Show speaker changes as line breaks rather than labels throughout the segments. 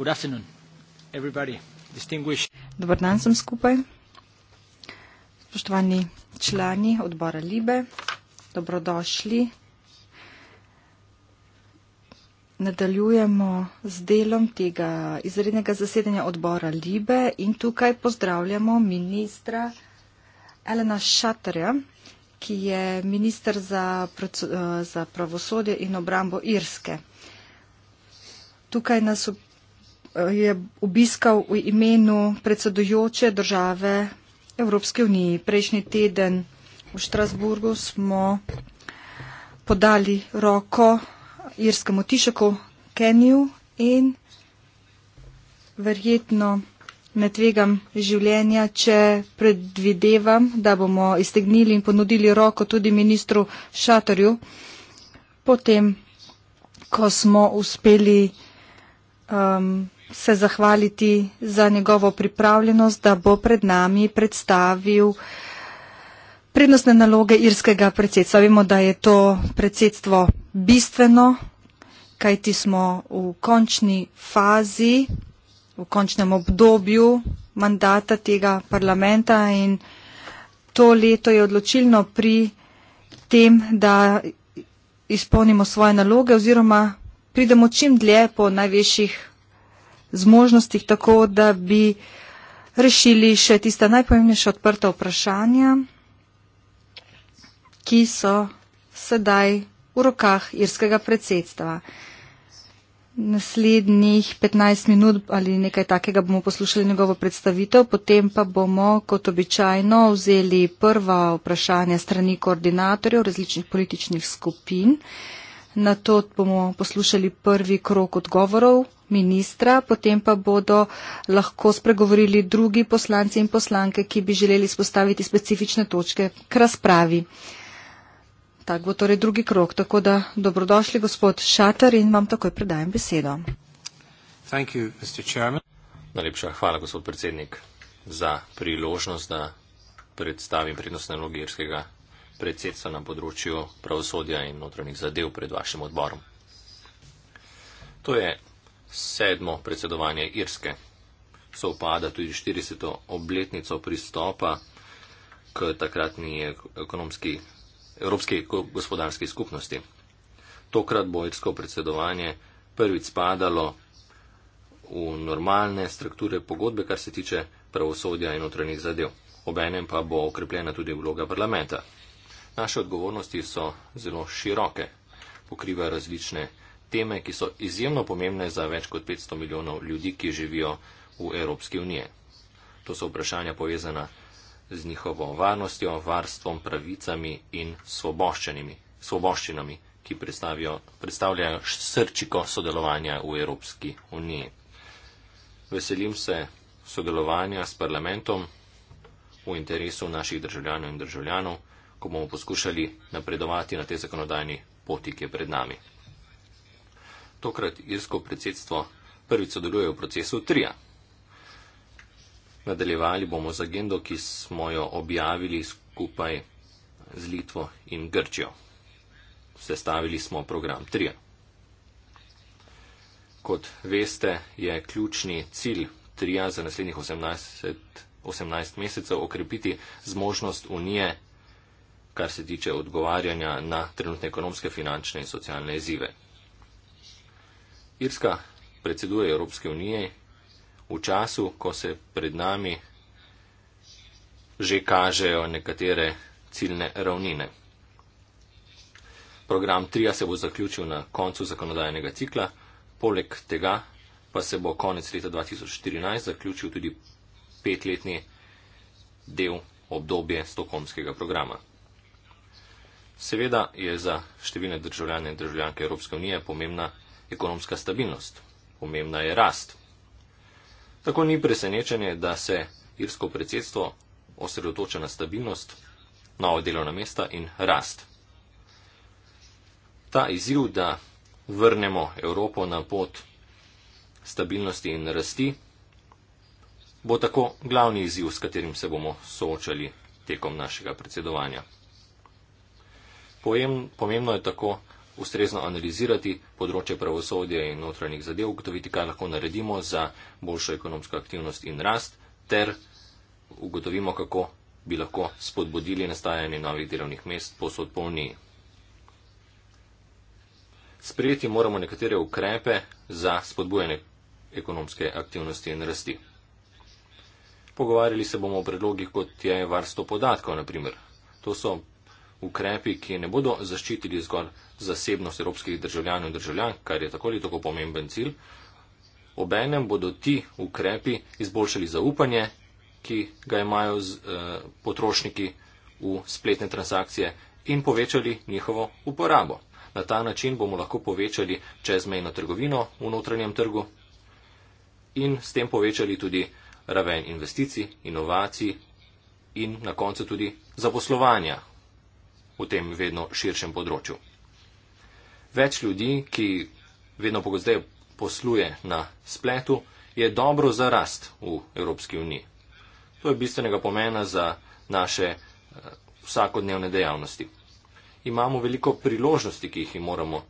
Good afternoon, everybody. Distinguished.
Dobar dan sem skupaj. Spoštovani člani odbora Libe, dobrodošli. Nadaljujemo z delom tega izrednega zasedanja odbora Libe in tukaj pozdravljamo ministra Elena Šatarja, ki je minister za, eh, za pravosodje in obrambo Irske. Tukaj nas Eh, je obiskal v imenu predsedujoče države Evropske unije. Prejšnji teden v Štrasburgu smo podali roko irskemu tišeku Keniju in verjetno ne tvegam življenja, če predvidevam, da bomo iztegnili in ponudili roko tudi ministru Šatorju, potem, ko smo uspeli um, se zahvaliti za njegovo pripravljenost, da bo pred nami predstavil prednostne naloge irskega predsedstva. Vemo, da je to predsedstvo bistveno, kajti smo v končni fazi, v končnem obdobju mandata tega parlamenta in to leto je odločilno pri tem, da izpolnimo svoje naloge oziroma pridemo čim dlje po največjih zmožnostih, tako da bi rešili še tista najpomembnejša odprta vprašanja, ki so sedaj v rokah irskega predsedstva. Naslednjih 15 minut ali nekaj takega bomo poslušali njegovo predstavitev, potem pa bomo, kot običajno, vzeli prva vprašanja strani koordinatorjev različnih političnih skupin. Uh, Na to bomo poslušali prvi krok odgovorov ministra, potem pa bodo lahko spregovorili drugi poslanci in poslanke, ki bi želeli spostaviti specifične točke k razpravi. Tak bo torej drugi krok, tako da dobrodošli gospod Šater in vam takoj predajem besedo.
Thank you, Mr. Chairman. Najlepša hvala, gospod predsednik, za priložnost, da predstavim prednostne naloge irskega predsedstva na področju pravosodja in notranjih zadev pred vašim odborom. To je sedmo predsedovanje Irske. So upada tudi 40. obletnico pristopa k takratni ekonomski, evropski gospodarski skupnosti. Tokrat bo irsko predsedovanje prvič spadalo v normalne strukture pogodbe, kar se tiče pravosodja in notranjih zadev. Obenem pa bo okrepljena tudi vloga parlamenta. Naše odgovornosti so zelo široke, pokrivajo različne teme, ki so izjemno pomembne za več kot 500 milijonov ljudi, ki živijo v Evropski uniji. To so vprašanja povezana z njihovo varnostjo, varstvom, pravicami in svoboščinami, ki predstavljajo srčiko sodelovanja v Evropski uniji. Veselim se sodelovanja s parlamentom v interesu naših državljanov in državljanov, ko bomo poskušali napredovati na tej zakonodajni poti, ki je pred nami. Tokrat irsko predsedstvo prvič sodeluje v procesu trija. Nadaljevali bomo z agendo, ki smo jo objavili skupaj z Litvo in Grčijo. Sestavili smo program trija. Kot veste, je ključni cilj trija za naslednjih 18, 18 mesecev okrepiti zmožnost Unije kar se tiče odgovarjanja na trenutne ekonomske, finančne in socialne izzive. Irska predseduje Evropske unije v času, ko se pred nami že kažejo nekatere ciljne ravnine. Program 3 se bo zaključil na koncu zakonodajnega cikla, poleg tega pa se bo konec leta 2014 zaključil tudi petletni del obdobje stokholmskega programa. Seveda je za številne državljane in državljanke Evropske unije pomembna ekonomska stabilnost, pomembna je rast. Tako ni presenečenje, da se irsko predsedstvo osredotoča na stabilnost, nove delovna mesta in rast. Ta izziv, da vrnemo Evropo na pot stabilnosti in rasti, bo tako glavni izziv, s katerim se bomo soočali tekom našega predsedovanja. Pomembno je tako ustrezno analizirati področje pravosodja in notranjih zadev, ugotoviti, kaj lahko naredimo za boljšo ekonomsko aktivnost in rast, ter ugotovimo, kako bi lahko spodbudili nastajanje novih delovnih mest posod po Uniji. Sprejeti moramo nekatere ukrepe za spodbujanje ekonomske aktivnosti in rasti. Pogovarjali se bomo o predlogih, kot je varstvo podatkov, naprimer. To so ukrepi, ki ne bodo zaščitili zgolj zasebnost evropskih državljanov in državljank, kar je tako ali tako pomemben cilj, obenem bodo ti ukrepi izboljšali zaupanje, ki ga imajo z, eh, potrošniki v spletne transakcije in povečali njihovo uporabo. Na ta način bomo lahko povečali čezmejno trgovino v notranjem trgu in s tem povečali tudi raven investicij, inovacij in na koncu tudi zaposlovanja v tem vedno širšem področju. Več ljudi, ki vedno pogosteje posluje na spletu, je dobro za rast v Evropski uniji. To je bistvenega pomena za naše eh, vsakodnevne dejavnosti. Imamo veliko priložnosti, ki jih moramo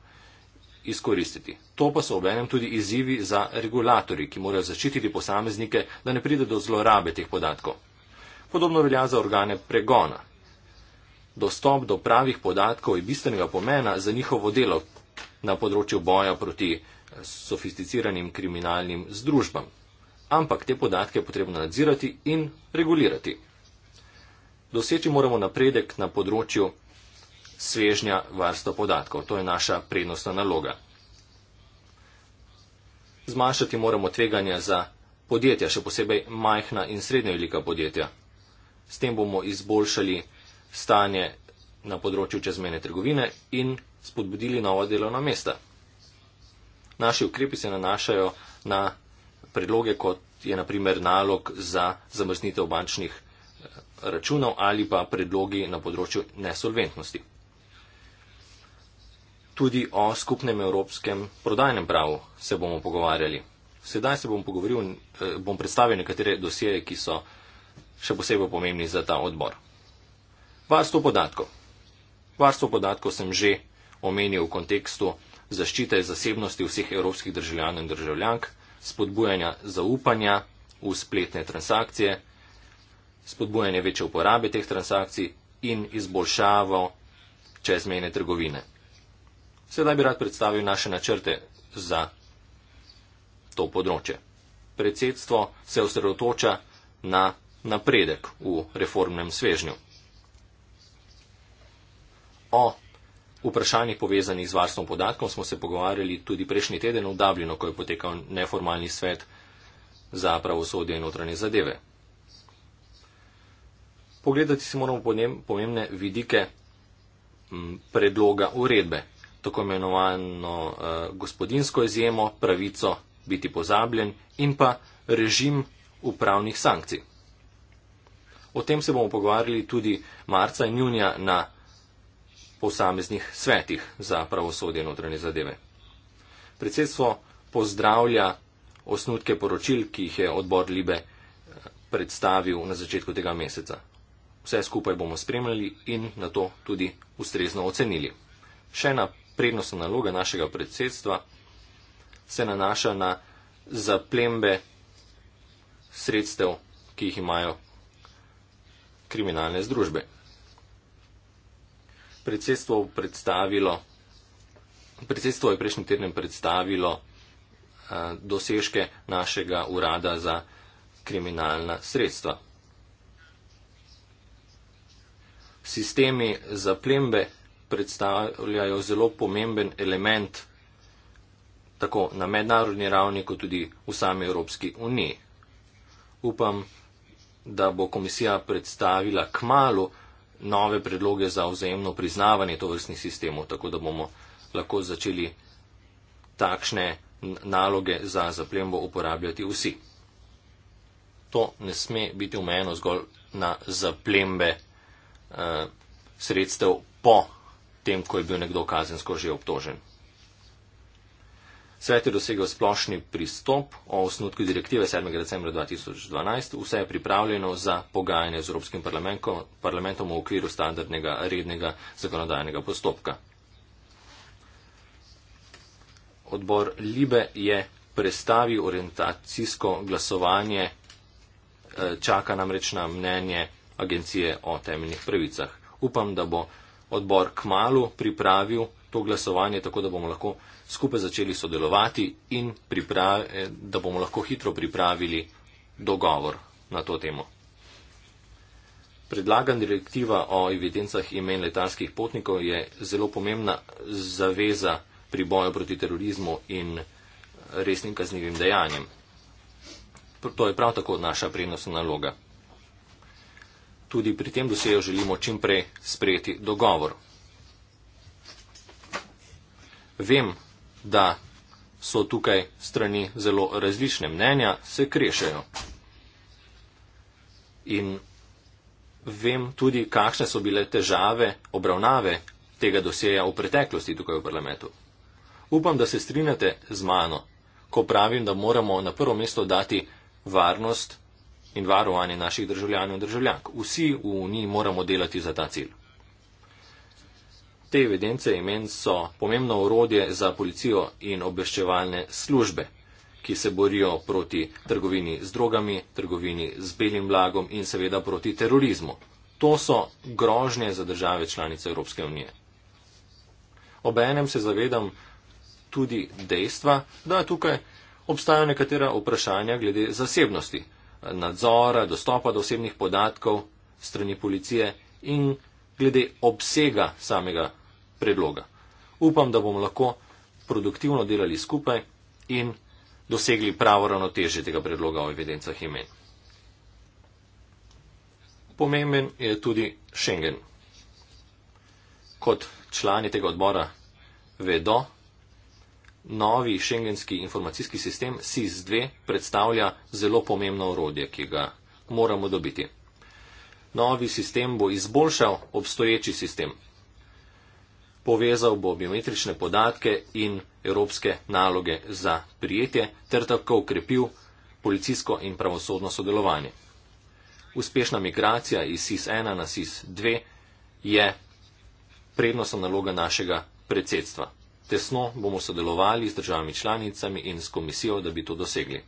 izkoristiti. To pa so obenem tudi izzivi za regulatori, ki morajo zaščititi posameznike, da ne pride do zlorabe teh podatkov. Podobno velja za organe pregona dostop do pravih podatkov je bistvenega pomena za njihovo delo na področju boja proti eh, sofisticiranim kriminalnim združbam. Ampak te podatke je potrebno nadzirati in regulirati. Doseči moramo napredek na področju svežnja varstva podatkov. To je naša prednostna naloga. Zmanjšati moramo tveganja za podjetja, še posebej majhna in srednja velika podjetja. S tem bomo izboljšali stanje na področju čezmene trgovine in spodbudili nova delovna mesta. Naši ukrepi se nanašajo na predloge, kot je naprimer nalog za zamrznitev bančnih eh, računov ali pa predlogi na področju nesolventnosti. Tudi o skupnem evropskem prodajnem pravu se bomo pogovarjali. Sedaj se bom, pogovoril, eh, bom predstavil nekatere dosjeje, ki so še posebej pomembni za ta odbor. Varstvo podatkov. Varstvo podatkov sem že omenil v kontekstu zaščite zasebnosti vseh evropskih državljanov in državljank, spodbujanja zaupanja v spletne transakcije, spodbujanje večje uporabe teh transakcij in izboljšavo čezmejne trgovine. Sedaj bi rad predstavil naše načrte za to področje. Predsedstvo se osredotoča na napredek v reformnem svežnju o vprašanjih povezanih z varstvom podatkov smo se pogovarjali tudi prejšnji teden v Dublinu, ko je potekal neformalni svet za pravosodje in notranje zadeve. Pogledati si moramo pomembne vidike predloga uredbe, tako imenovano eh, gospodinsko izjemo, pravico biti pozabljen in pa režim upravnih sankcij. O tem se bomo pogovarjali tudi marca in junija na posameznih svetih za pravosodje notranje zadeve. Predsedstvo pozdravlja osnutke poročil, ki jih je odbor Libe eh, predstavil na začetku tega meseca. Vse skupaj bomo spremljali in na to tudi ustrezno ocenili. Še ena prednostna naloga našega predsedstva se nanaša na zaplembe sredstev, ki jih imajo kriminalne združbe predsedstvo predstavilo, predsedstvo je prejšnji teden predstavilo eh, dosežke našega urada za kriminalna sredstva. Sistemi za plembe predstavljajo zelo pomemben element tako na mednarodni ravni, kot tudi v sami Evropski uniji. Upam, da bo komisija predstavila k malu nove predloge za vzajemno priznavanje tovrstnih sistemov, tako da bomo lahko začeli takšne naloge za zaplembo uporabljati vsi. To ne sme biti omejeno zgolj na zaplembe eh, sredstev po tem, ko je bil nekdo kazensko že obtožen. Svet je dosegel splošni pristop o osnutku direktive 7. decembra 2012. Vse je pripravljeno za pogajanje z Evropskim parlamentom v okviru standardnega rednega zakonodajnega postopka. Odbor Libe je prestavil orientacijsko glasovanje, eh, čaka namreč na mnenje agencije o temeljnih pravicah. Upam, da bo odbor kmalu pripravil to glasovanje, tako da bomo lahko skupaj začeli sodelovati in eh, da bomo lahko hitro pripravili dogovor na to temo. Predlagan direktiva o evidencah imen letalskih potnikov je zelo pomembna zaveza pri boju proti terorizmu in resnim kaznivim dejanjem. To je prav tako naša prednostna naloga. Tudi pri tem dosežu želimo čim prej sprejeti dogovor vem, da so tukaj strani zelo različne mnenja, se krešajo. In vem tudi, kakšne so bile težave obravnave tega dosjeja v preteklosti tukaj v parlamentu. Upam, da se strinjate z mano, ko pravim, da moramo na prvo mesto dati varnost in varovanje naših državljanov in državljank. Vsi v Uniji moramo delati za ta cilj. Te evidence imen so pomembno urodje za policijo in obveščevalne službe, ki se borijo proti trgovini z drogami, trgovini z belim blagom in seveda proti terorizmu. To so grožnje za države članice Evropske unije. Obenem se zavedam tudi dejstva, da tukaj obstajajo nekatera vprašanja glede zasebnosti, nadzora, dostopa do osebnih podatkov strani policije in glede obsega samega predloga. Upam, da bomo lahko produktivno delali skupaj in dosegli pravo ravnotežje tega predloga o evidencah imen. Pomemben je tudi Schengen. Kot člani tega odbora vedo, novi šengenski informacijski sistem SIS-2 predstavlja zelo pomembno orodje, ki ga moramo dobiti. Novi sistem bo izboljšal obstoječi sistem, povezal bo biometrične podatke in evropske naloge za prijetje ter tako ukrepil policijsko in pravosodno sodelovanje. Uspešna migracija iz SIS-1 na SIS-2 je prednostna naloga našega predsedstva. Tesno bomo sodelovali z državami članicami in s komisijo, da bi to dosegli.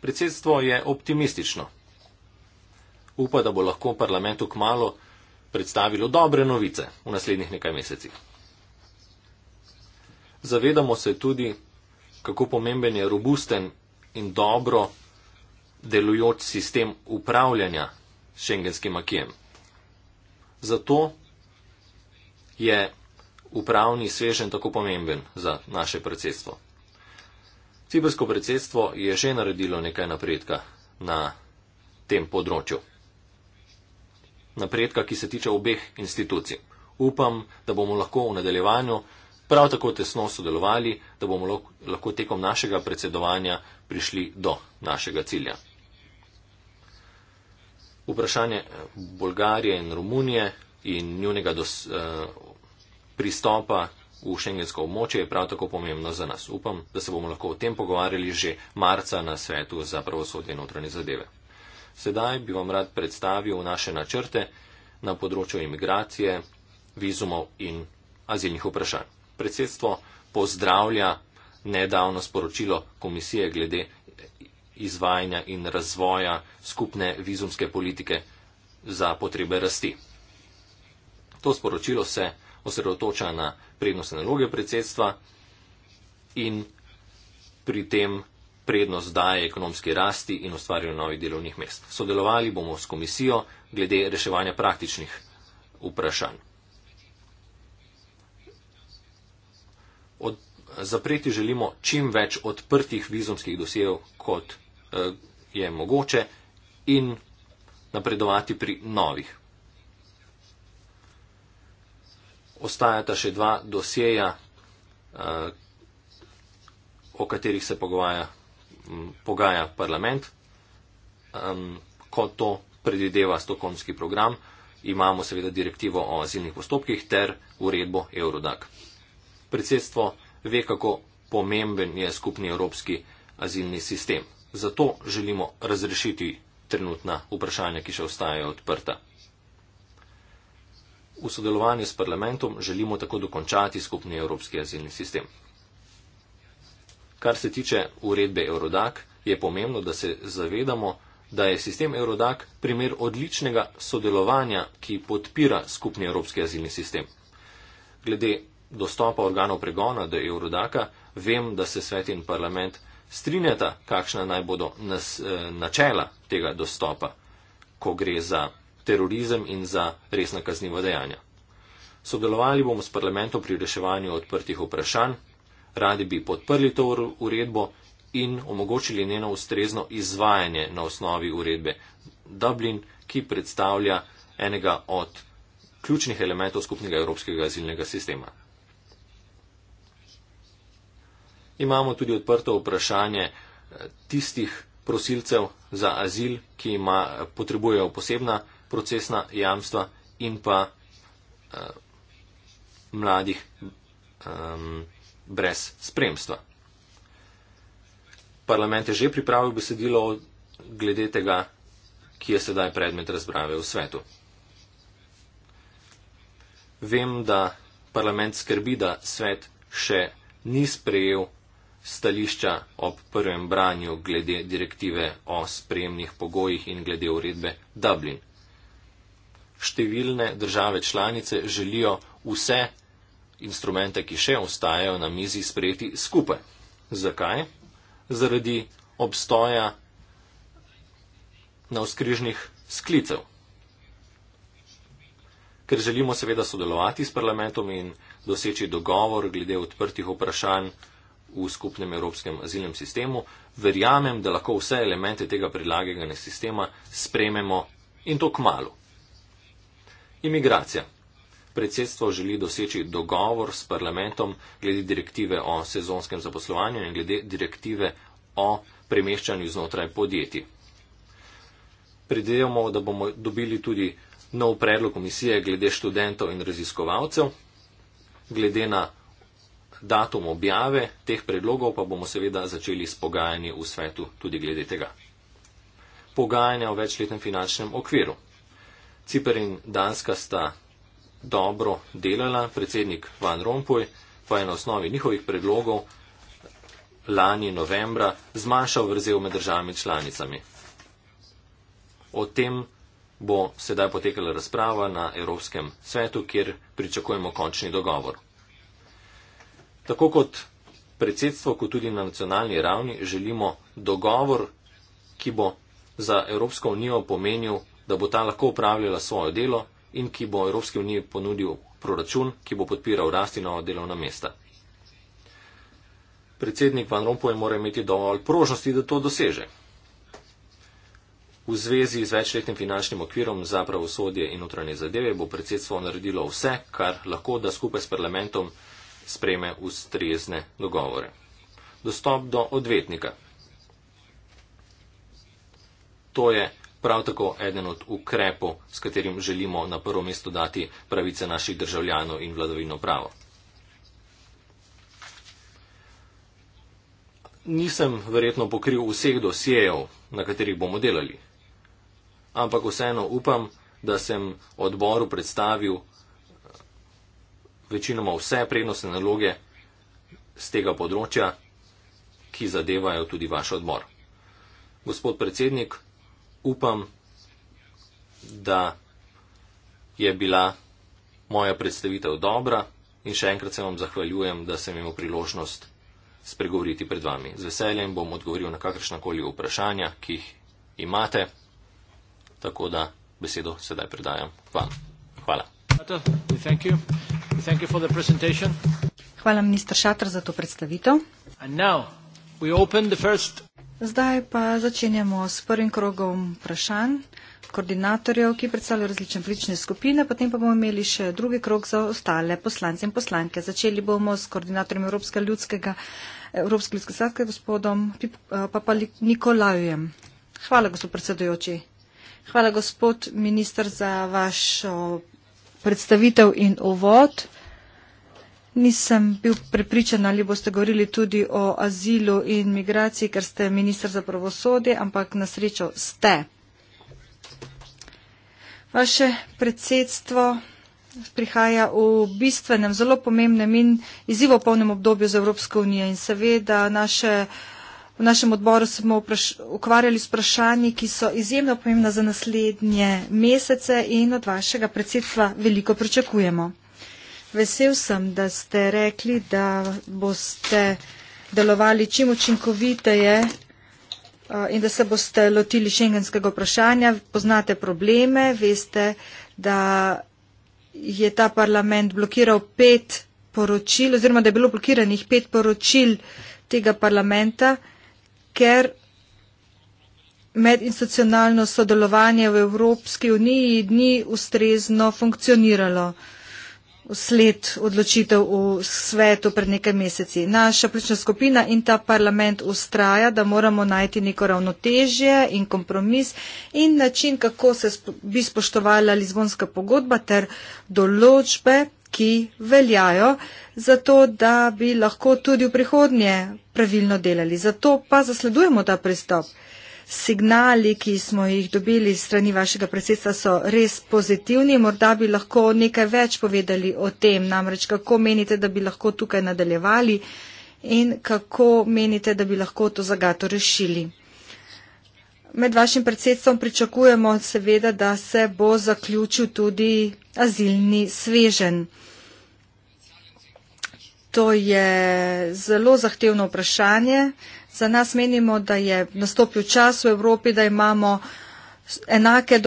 Predsedstvo je optimistično. Upa, da bo lahko parlamentu kmalo predstavilo dobre novice v naslednjih nekaj mesecih zavedamo se tudi, kako pomemben je robusten in dobro delujoč sistem upravljanja s šengenskim akijem. Zato je upravni svežen tako pomemben za naše predsedstvo. Cibrsko predsedstvo je že naredilo nekaj napredka na tem področju. Napredka, ki se tiče obeh institucij. Upam, da bomo lahko v nadaljevanju prav tako tesno sodelovali, da bomo lahko tekom našega predsedovanja prišli do našega cilja. Vprašanje eh, Bolgarije in Romunije in njunega dos, eh, pristopa v šengensko območje je prav tako pomembno za nas. Upam, da se bomo lahko o tem pogovarjali že marca na svetu za pravosodje in notranje zadeve. Sedaj bi vam rad predstavil naše načrte na področju imigracije, vizumov in azilnih vprašanj predsedstvo pozdravlja nedavno sporočilo komisije glede izvajanja in razvoja skupne vizumske politike za potrebe rasti. To sporočilo se osredotoča na prednostne naloge predsedstva in pri tem prednost daje ekonomski rasti in ustvarjanju novih delovnih mest. Sodelovali bomo s komisijo glede reševanja praktičnih vprašanj. od, zapreti želimo čim več odprtih vizumskih dosjev, kot eh, je mogoče, in napredovati pri novih. Ostajata še dva dosjeja, eh, o katerih se pogovaja, pogaja parlament, eh, kot to predvideva stokonski program. Imamo seveda direktivo o azilnih postopkih ter uredbo Eurodac predsedstvo ve, kako pomemben je skupni evropski azilni sistem. Zato želimo razrešiti trenutna vprašanja, ki še ostajajo odprta. V sodelovanju s parlamentom želimo tako dokončati skupni evropski azilni sistem. Kar se tiče uredbe Eurodac, je pomembno, da se zavedamo, da je sistem Eurodac primer odličnega sodelovanja, ki podpira skupni evropski azilni sistem. Glede dostopa organov pregona do Eurodaka, vem, da se svet in parlament strinjata, kakšna naj bodo nas, eh, načela tega dostopa, ko gre za terorizem in za resna kazniva dejanja. Sodelovali bomo s parlamentom pri reševanju odprtih vprašanj, radi bi podprli to uredbo in omogočili njeno ustrezno izvajanje na osnovi uredbe Dublin, ki predstavlja enega od ključnih elementov skupnega evropskega azilnega sistema. Imamo tudi odprto vprašanje eh, tistih prosilcev za azil, ki ima, potrebujejo posebna procesna jamstva in pa uh, mladih um, brez spremstva. Parlament je že pripravil besedilo glede tega, ki je sedaj predmet razprave v svetu. Vem, da parlament skrbi, da svet še ni sprejel stališča ob prvem branju glede direktive o spremnih pogojih in glede uredbe Dublin. Številne države članice želijo vse instrumente, ki še ostajajo na mizi, sprejeti skupaj. Zakaj? Zaradi obstoja na vzkrižnih sklicev. Ker želimo seveda sodelovati s parlamentom in doseči dogovor glede odprtih vprašanj, v skupnem evropskem azilnem sistemu, verjamem, da lahko vse elemente tega prilagajanja sistema sprememo in to k malu. Imigracija. Predsedstvo želi doseči dogovor s parlamentom glede direktive o sezonskem zaposlovanju in glede direktive o premeščanju znotraj podjetij. Predvidevamo, da bomo dobili tudi nov predlog komisije glede študentov in raziskovalcev, glede na datum objave teh predlogov pa bomo seveda začeli s pogajanji v svetu tudi glede tega. Pogajanja o večletnem finančnem okviru. Cipr in Danska sta dobro delala, predsednik Van Rompuy pa je na osnovi njihovih predlogov lani novembra zmanjšal vrzel med državami članicami. O tem bo sedaj potekala razprava na Evropskem svetu, kjer pričakujemo končni dogovor. Tako kot predsedstvo, kot tudi na nacionalni ravni želimo dogovor, ki bo za Evropsko unijo pomenil, da bo ta lahko upravljala svoje delo in ki bo Evropski uniji ponudil proračun, ki bo podpiral rasti nova delovna mesta. Predsednik Van Rompuy mora imeti dovolj prožnosti, da to doseže. V zvezi z večletnim finančnim okvirom za pravosodje in notranje zadeve bo predsedstvo naredilo vse, kar lahko, da skupaj s parlamentom spreme ustrezne dogovore. Dostop do odvetnika. To je prav tako eden od ukrepov, s katerim želimo na prvo mesto dati pravice naših državljanov in vladovino pravo. Nisem verjetno pokril vseh dosijev, na katerih bomo delali, ampak vseeno upam, da sem odboru predstavil večinoma vse prednostne naloge z tega področja, ki zadevajo tudi vaš odmor. Gospod predsednik, upam, da je bila moja predstavitev dobra in še enkrat se vam zahvaljujem, da sem imel priložnost spregovoriti pred vami. Z veseljem bom odgovoril na kakršnakoli vprašanja, ki jih imate, tako da besedo sedaj predajam vam. Hvala. Hvala. Thank you for the presentation. Hvala,
minister Šatr, za to predstavitev. First... Zdaj pa začenjamo s prvim krogom vprašanj koordinatorjev, ki predstavljajo različne politične skupine, potem pa bomo imeli še drugi krog za ostale poslance in poslanke. Začeli bomo s koordinatorjem Evropske ljudskega, Evropske ljudske sadke, gospodom eh, Papa Nikolajem. Hvala, gospod predsedujoči. Hvala, gospod minister, za vašo predstavitev in uvod. Nisem bil prepričan, ali boste govorili tudi o azilu in migraciji, ker ste ministr za pravosodje, ampak na srečo ste. Vaše predsedstvo prihaja v bistvenem, zelo pomembnem in izzivopolnem obdobju za Evropsko unijo in seveda naše uh, v našem odboru smo vpraš ukvarjali s vprašanji, ki so izjemno pomembna za naslednje mesece in od vašega predsedstva veliko pričakujemo. Vesel sem, da ste rekli, da boste delovali čim učinkoviteje uh, in da se boste lotili šengenskega vprašanja. Poznate probleme, veste, da je ta parlament blokiral pet poročil, oziroma da je bilo blokiranih pet poročil tega parlamenta ker medinstitucionalno sodelovanje v Evropski uniji ni ustrezno funkcioniralo sled odločitev v svetu pred nekaj meseci. Naša politična skupina in ta parlament ustraja, da moramo najti neko ravnotežje in kompromis in način, kako se bi spoštovala Lizbonska pogodba ter določbe, ki veljajo. Uh, zato da bi lahko tudi v prihodnje pravilno delali. Zato pa zasledujemo ta pristop. Signali, ki smo jih dobili strani vašega predsedstva, so res pozitivni. Morda bi lahko nekaj več povedali o tem, namreč kako menite, da bi lahko tukaj nadaljevali in kako menite, da bi lahko to zagato rešili. Med vašim predsedstvom pričakujemo seveda, da se bo zaključil tudi azilni svežen. To je zelo zahtevno vprašanje. Za nas menimo, da je nastopil čas v Evropi, da imamo enake.